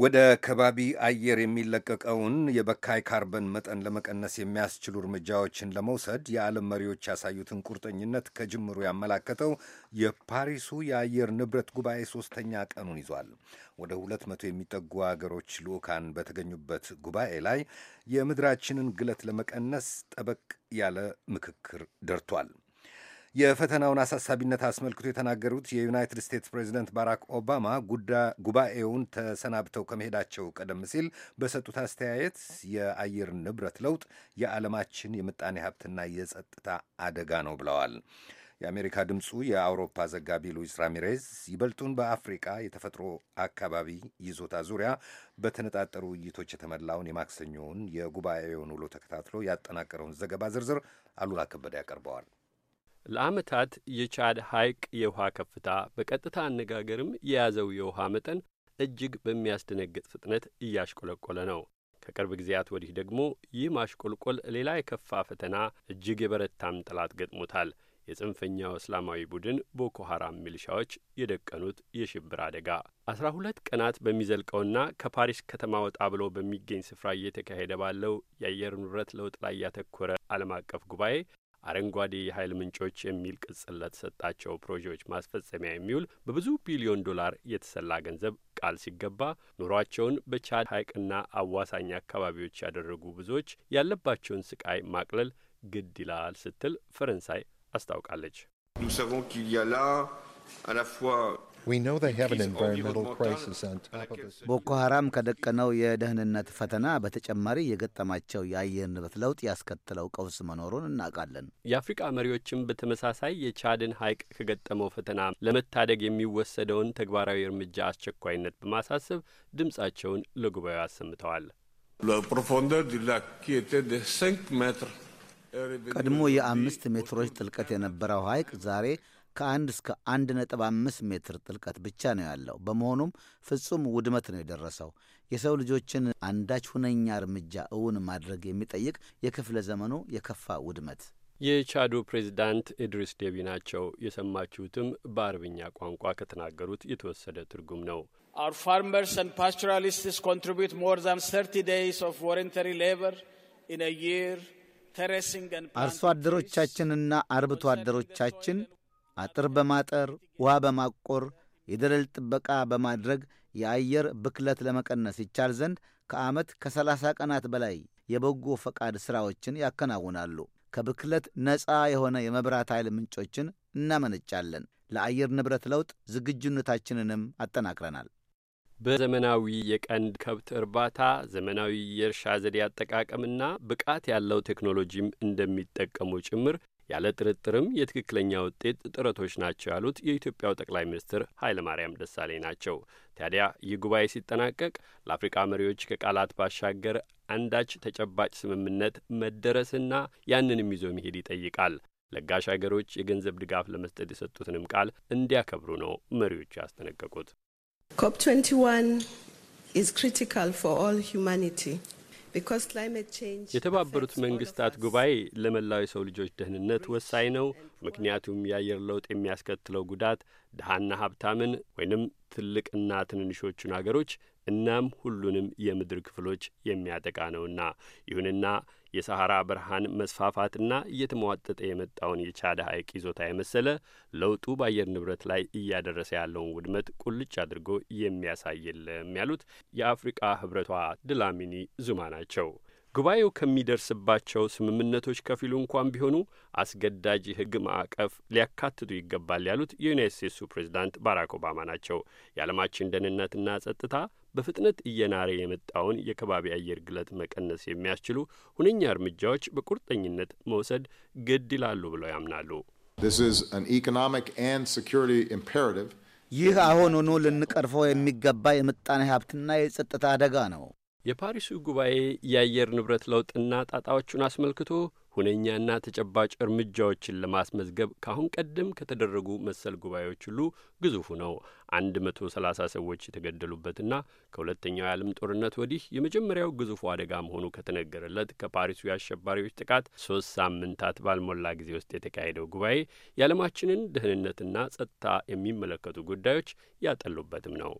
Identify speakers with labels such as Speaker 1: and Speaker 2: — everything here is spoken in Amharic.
Speaker 1: ወደ ከባቢ አየር የሚለቀቀውን የበካይ ካርበን መጠን ለመቀነስ የሚያስችሉ እርምጃዎችን ለመውሰድ የዓለም መሪዎች ያሳዩትን ቁርጠኝነት ከጅምሩ ያመላከተው የፓሪሱ የአየር ንብረት ጉባኤ ሶስተኛ ቀኑን ይዟል። ወደ ሁለት መቶ የሚጠጉ አገሮች ልዑካን በተገኙበት ጉባኤ ላይ የምድራችንን ግለት ለመቀነስ ጠበቅ ያለ ምክክር ደርቷል። የፈተናውን አሳሳቢነት አስመልክቶ የተናገሩት የዩናይትድ ስቴትስ ፕሬዚደንት ባራክ ኦባማ ጉባኤውን ተሰናብተው ከመሄዳቸው ቀደም ሲል በሰጡት አስተያየት የአየር ንብረት ለውጥ የዓለማችን የምጣኔ ሀብትና የጸጥታ አደጋ ነው ብለዋል። የአሜሪካ ድምፁ የአውሮፓ ዘጋቢ ሉዊስ ራሚሬዝ ይበልጡን በአፍሪቃ የተፈጥሮ አካባቢ ይዞታ ዙሪያ በተነጣጠሩ ውይይቶች የተሞላውን የማክሰኞውን የጉባኤውን ውሎ ተከታትሎ ያጠናቀረውን ዘገባ ዝርዝር አሉላ ከበደ ያቀርበዋል።
Speaker 2: ለዓመታት የቻድ ሐይቅ የውሃ ከፍታ በቀጥታ አነጋገርም የያዘው የውሃ መጠን እጅግ በሚያስደነግጥ ፍጥነት እያሽቆለቆለ ነው። ከቅርብ ጊዜያት ወዲህ ደግሞ ይህ ማሽቆልቆል ሌላ የከፋ ፈተና፣ እጅግ የበረታም ጠላት ገጥሞታል። የጽንፈኛው እስላማዊ ቡድን ቦኮ ሀራም ሚሊሻዎች የደቀኑት የሽብር አደጋ አስራ ሁለት ቀናት በሚዘልቀውና ከፓሪስ ከተማ ወጣ ብሎ በሚገኝ ስፍራ እየተካሄደ ባለው የአየር ንብረት ለውጥ ላይ ያተኮረ ዓለም አቀፍ ጉባኤ አረንጓዴ የኃይል ምንጮች የሚል ቅጽል ለተሰጣቸው ፕሮጀክቶች ማስፈጸሚያ የሚውል በብዙ ቢሊዮን ዶላር የተሰላ ገንዘብ ቃል ሲገባ ኑሯቸውን በቻድ ሐይቅና አዋሳኝ አካባቢዎች ያደረጉ ብዙዎች ያለባቸውን ስቃይ ማቅለል ግድ ይላል ስትል ፈረንሳይ አስታውቃለች። nous savons qu'il y a là à la fois ቦኮ
Speaker 3: ሐራም ከደቀነው የደህንነት ፈተና በተጨማሪ የገጠማቸው የአየር ንብረት ለውጥ ያስከተለው ቀውስ መኖሩን እናውቃለን።
Speaker 2: የአፍሪቃ መሪዎችም በተመሳሳይ የቻድን ሐይቅ ከገጠመው ፈተና ለመታደግ የሚወሰደውን ተግባራዊ እርምጃ አስቸኳይነት በማሳሰብ ድምጻቸውን ለጉባኤው አሰምተዋል። ቀድሞ
Speaker 3: የአምስት ሜትሮች ጥልቀት የነበረው ሐይቅ ዛሬ ከአንድ እስከ አንድ ነጥብ አምስት ሜትር ጥልቀት ብቻ ነው ያለው። በመሆኑም ፍጹም ውድመት ነው የደረሰው። የሰው ልጆችን አንዳች ሁነኛ እርምጃ እውን ማድረግ የሚጠይቅ የክፍለ ዘመኑ የከፋ ውድመት።
Speaker 2: የቻዱ ፕሬዚዳንት ኢድሪስ ዴቢ ናቸው። የሰማችሁትም በአረብኛ ቋንቋ ከተናገሩት የተወሰደ ትርጉም
Speaker 3: ነው። Our farmers and pastoralists contribute more than 30 days of voluntary labor in a year. አርሶ አደሮቻችንና አርብቶ አደሮቻችን አጥር በማጠር ውሃ በማቆር የደለል ጥበቃ በማድረግ የአየር ብክለት ለመቀነስ ይቻል ዘንድ ከዓመት ከ30 ቀናት በላይ የበጎ ፈቃድ ሥራዎችን ያከናውናሉ። ከብክለት ነፃ የሆነ የመብራት ኃይል ምንጮችን እናመነጫለን። ለአየር ንብረት ለውጥ ዝግጁነታችንንም አጠናክረናል።
Speaker 2: በዘመናዊ የቀንድ ከብት እርባታ፣ ዘመናዊ የእርሻ ዘዴ አጠቃቀምና ብቃት ያለው ቴክኖሎጂም እንደሚጠቀሙ ጭምር ያለ ጥርጥርም የትክክለኛ ውጤት ጥረቶች ናቸው ያሉት የኢትዮጵያው ጠቅላይ ሚኒስትር ኃይለማርያም ደሳለኝ ናቸው። ታዲያ ይህ ጉባኤ ሲጠናቀቅ ለአፍሪቃ መሪዎች ከቃላት ባሻገር አንዳች ተጨባጭ ስምምነት መደረስና ያንንም ይዞ መሄድ ይጠይቃል። ለጋሽ አገሮች የገንዘብ ድጋፍ ለመስጠት የሰጡትንም ቃል እንዲያከብሩ ነው መሪዎቹ ያስጠነቀቁት። ኮፕ 21 is የተባበሩት መንግስታት ጉባኤ ለመላው የሰው ልጆች ደህንነት ወሳኝ ነው። ምክንያቱም የአየር ለውጥ የሚያስከትለው ጉዳት ድሀና ሀብታምን ወይንም ትልቅና ትንንሾቹን አገሮች እናም ሁሉንም የምድር ክፍሎች የሚያጠቃ ነውና። ይሁንና የሰሐራ ብርሃን መስፋፋትና እየተሟጠጠ የመጣውን የቻደ ሐይቅ ይዞታ የመሰለ ለውጡ በአየር ንብረት ላይ እያደረሰ ያለውን ውድመት ቁልጭ አድርጎ የሚያሳይልም ያሉት የአፍሪቃ ህብረቷ ድላሚኒ ዙማ ናቸው። ጉባኤው ከሚደርስባቸው ስምምነቶች ከፊሉ እንኳን ቢሆኑ አስገዳጅ ህግ ማዕቀፍ ሊያካትቱ ይገባል ያሉት የዩናይት ስቴትሱ ፕሬዚዳንት ባራክ ኦባማ ናቸው። የዓለማችን ደህንነትና ጸጥታ በፍጥነት እየናረ የመጣውን የከባቢ አየር ግለት መቀነስ የሚያስችሉ ሁነኛ እርምጃዎች በቁርጠኝነት መውሰድ ግድ ይላሉ ብለው ያምናሉ።
Speaker 3: ይህ አሁኑኑ ልንቀርፈው የሚገባ የምጣኔ ሀብትና የጸጥታ አደጋ ነው።
Speaker 2: የፓሪሱ ጉባኤ የአየር ንብረት ለውጥና ጣጣዎቹን አስመልክቶ ሁነኛና ተጨባጭ እርምጃዎችን ለማስመዝገብ ከአሁን ቀደም ከተደረጉ መሰል ጉባኤዎች ሁሉ ግዙፉ ነው። አንድ መቶ ሰላሳ ሰዎች የተገደሉበትና ከሁለተኛው የዓለም ጦርነት ወዲህ የመጀመሪያው ግዙፉ አደጋ መሆኑ ከተነገረለት ከፓሪሱ የአሸባሪዎች ጥቃት ሶስት ሳምንታት ባልሞላ ጊዜ ውስጥ የተካሄደው ጉባኤ የዓለማችንን ደህንነትና ጸጥታ የሚመለከቱ ጉዳዮች ያጠሉበትም ነው።